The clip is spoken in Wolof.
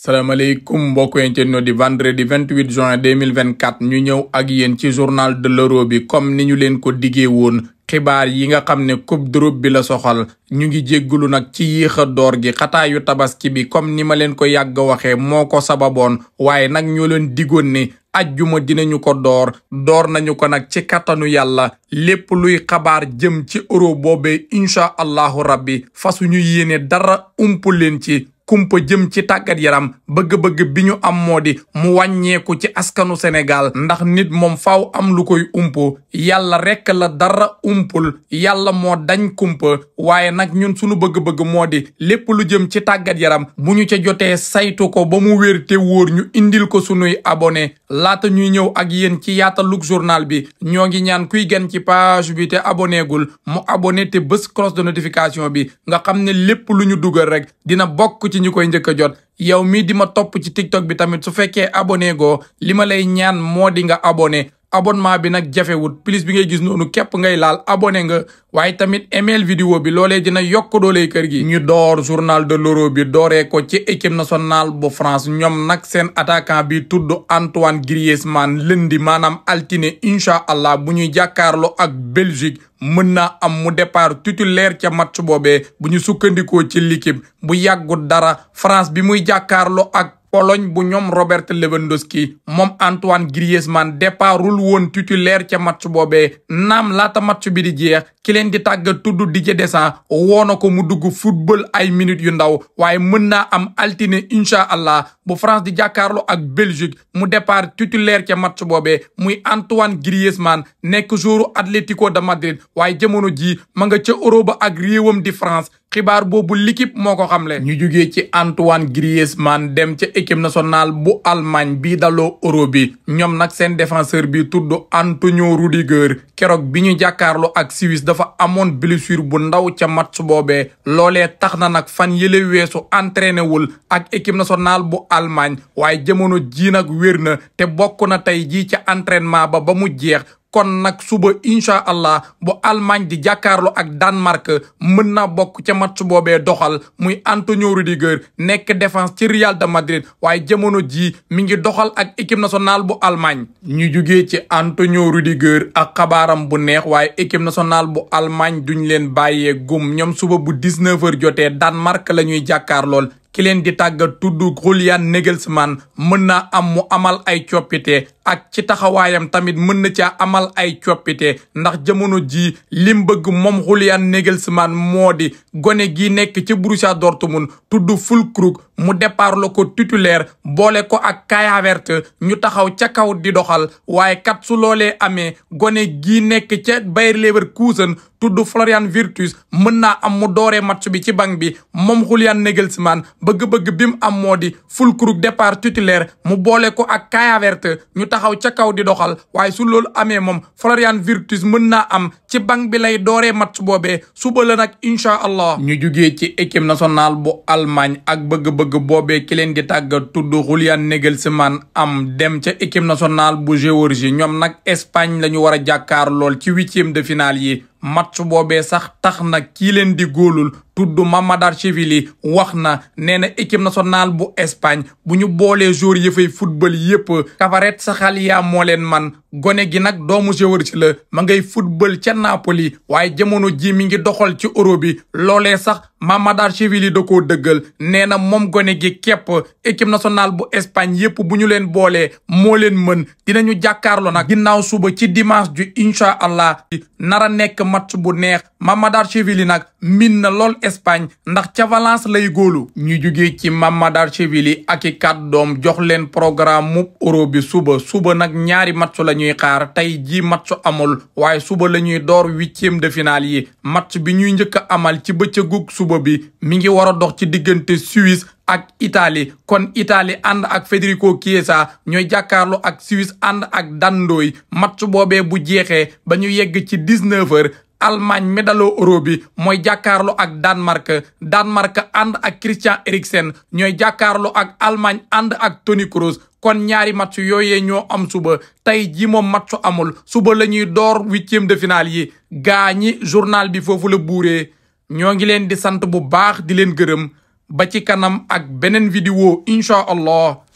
salaamaaleykum mbokk internet di vendredi 28 juin 2024 ñu ñëw ak yéen ci journal de l'euro bi comme ni ñu leen ko diggee woon xibaar yi nga xam ne coupe d'Europe bi la soxal ñu ngi jéggalu nag ci yéex door gi xataayu tabaski bi comme ni ma leen ko yàgg waxee moo ko sababoon waaye nag ñoo leen digoon ni ajjuma dinañu ko door door nañu ko nag ci kattanu yàlla lépp luy xabaar jëm ci euro boobee incha allahu rabbi fasuñu yéene dara ump leen ci kumpa jëm ci tàggat yaram bëgg-bëgg bi ñu am moo di mu wàññeeku ci askanu Sénégal ndax nit moom faw am lu koy umpo yàlla rek la dara umpul yàlla moo dañ kumpa waaye nag ñun sunu bëgg-bëgg moo di lépp lu jëm ci tàggat yaram bu ñu ci jotee saytu ko ba mu wér te wóor ñu indil ko sunuy abone laata ñuy ñëw ak yéen ci Yaatalug journal bi ñoo ngi ñaan kuy gan ci page bi te abonné gul mu abone te bés cloche de notification bi nga xam ne lépp lu ñu dugal rek dina ci ñu koy njëkk a jot yow mii di ma topp ci tiktok bi tamit su fekkee abonné goo li ma lay ñaan moo di nga abonné abonnement bi nag jafewut plus bi ngay gis noonu képp ngay laal abonné nga waaye tamit email vidéo bi loolee dina yokk doole kër gi ñu door journal de l'Euro bi dooree ko ci équipe nationale bu France ñoom nag seen attaquant bi tudd Antoine Griezmann lëndi maanaam altine incha allah bu ñuy jàkkaarloo ak Belgique mën na am mu départ titulaire ca match boobee bu ñu sukkandikoo ci l'équipe bu yàggut dara France bi muy jàkkaarloo ak Pologne bu ñoom Robert Lewandowski moom Antoine Griezmann départul woon titulaire ca match boobee naam laata match bi di jeex ki leen di tàggat tudd Didier Deschamps woo na ko mu dugg football ay minutes yu ndaw waaye mën naa am altine incha allah bu France di jàkkaarloo ak Belgique mu départ titulaire ca match boobee muy Antoine Griezmann nekk joueur Atlético de Madrid waaye jamono jii ma nga ca Europe ak réewam di France xibaar boobu l'équipe moo ko xam xamle ñu jugee ci Antoine Griezmann dem ca équipe nationale bu Allemagne bi dalo euro bi ñoom nag seen defenseur bi tudd Antonio Rudiger keroog bi ñu jàkkaarloo ak Suisse dafa amoon blessure bu ndaw ca match boobee loolee tax na nag fan yële weesu entraîné wul ak équipe nationale bu Allemagne waaye jamono jii nag wér na te bokk na tey jii ca entrainement ba ba mu jeex kon nag suba incha allah bu Allemagne di jàkkaarloo ak Danemark mën naa bokk ca match boobee doxal muy Antonio Rudiger nekk défense ci Real de Madrid waaye jamono jii mi ngi doxal ak équipe nationale bu Allemagne. ñu jugee ci Antonio Rudiger ak xabaaram bu neex waaye équipe nationale bu Allemagne duñ leen bàyyee gum ñoom suba bu 19h jotee Danemark la ñuy jàkkaarlool. ki leen di tàggat tudd Julian Nagelsmann mën naa am mu amal ay coppite ak ci taxawaayam tamit mën na caa amal ay coppite ndax jamono jii lim bëgg moom Julian Nagelsmann moo di gone gi nekk ci Borussia Dortmund tudd Füllkrug mu départ la ko titulaire boole ko ak Kai ñu taxaw ca kaw di doxal waaye kat su loolee amee gone gi nekk ca Bayer Leverkusen tudd Florian Virtus mën naa am mu doore match bi ci banc bi moom Julian Nagelsmann bëgg-bëgg bi mu am moo di Füllkrug départ titulaire mu boole ko ak Kai ñu taxaw ca kaw di doxal waaye su loolu amee moom Florian Wirtz mën naa am ci banc bi lay dooree match boobee subala nag incha allah. ñu jugee ci équipe nationale bu Allemagne ak bëgg-bëgg boobee ki leen di tàggat tudd Julian Nagelsmann am dem ca équipe nationale bu Géorgie ñoom nag Espagne la ñu war a jàkkaar lool ci huitième de finale yi. match boobee sax tax na kii leen di góolul tudd Mamardashvili wax na nee na équipe nationale bu Espagne bu ñu boolee joueurs yi fay football yépp Kvaratskhelia moo leen man gone gi nag doomu Géorgie la ma ngay football ca Napoli waaye jamono ji mi ngi doxal ci euro bi loolee sax mamadar Chevili da koo dëggal nee na moom gone gi képp équipe nationale bu Espagne yépp bu ñu leen boolee moo leen mën dinañu jàkkaarloo nag ginnaaw suba ci dimanche ju incha allah nara nekk match bu neex Mamadou Chevili nag min na lool Espagne ndax ca Valence lay góolu ñu jugee ci Mamadou Chevili ak i kàddoom jox leen programme mu euro bi suba suba nag ñaari match la ñuy xaar tey ji match amul waaye suba la ñuy door huitième de finale yi match bi ñuy njëkk amal ci bëccëgu suba suba bi mi ngi war a dox ci diggante Suisse ak itali kon itali ànd ak Federico Chiesa ñooy jàkkaarloo ak Suisse ànd ak dandooy match boobee bu jeexee ba ñu yegg ci dix-neuf heures Allemagne mi daloo euro bi mooy jàkkaarloo ak Danemark Danemark ànd ak Christian Eriksen ñooy jàkkaarloo ak almaañ ànd ak Toni Kroos kon ñaari match yooyee ñoo am suba tey ji moom match amul suba lañuy ñuy door huitième de finale yi gaa ñi journal bi foofu la buuree ñoo ngi leen di sant bu baax di leen gërëm ba ci kanam ak beneen vidéo incha allah